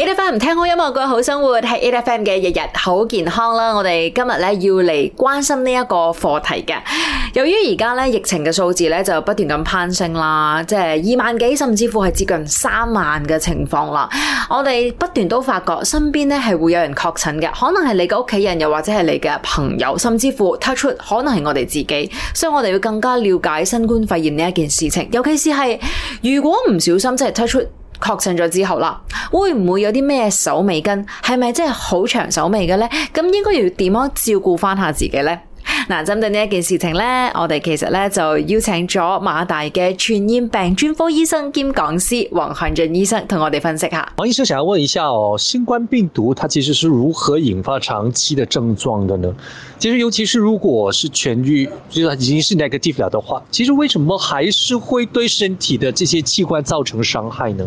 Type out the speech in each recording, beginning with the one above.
A. F. M. 唔聽好音樂過好生活，係 A. F. M. 嘅日日好健康啦。我哋今日咧要嚟關心呢一個課題嘅。由於而家咧疫情嘅數字咧就不斷咁攀升啦，即係二萬幾，甚至乎係接近三萬嘅情況啦。我哋不斷都發覺身邊咧係會有人確診嘅，可能係你嘅屋企人，又或者係你嘅朋友，甚至乎 touch wood 可能係我哋自己。所以我哋要更加了解新冠肺炎呢一件事情，尤其是係如果唔小心即係 touch wood。就是 touch wood, 確診咗之後啦，會唔會有啲咩手尾跟？係咪真係好長手尾嘅呢？咁應該要點樣照顧返下自己呢？嗱，針對呢一件事情呢，我哋其實呢就邀請咗馬大嘅傳染病專科醫生兼講師王漢進醫生同我哋分析下。王醫生，想要問一下哦，新冠病毒它其實是如何引發長期的症狀的呢？其實，尤其是如果是痊癒，就已經是 negative 的話，其實為什麼還是會對身體的這些器官造成傷害呢？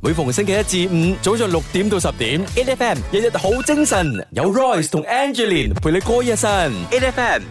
每逢星期一至五早上六點到十點，A F M 日日好精神，有 Royce 同 Angelin 陪你過一晨，A F M。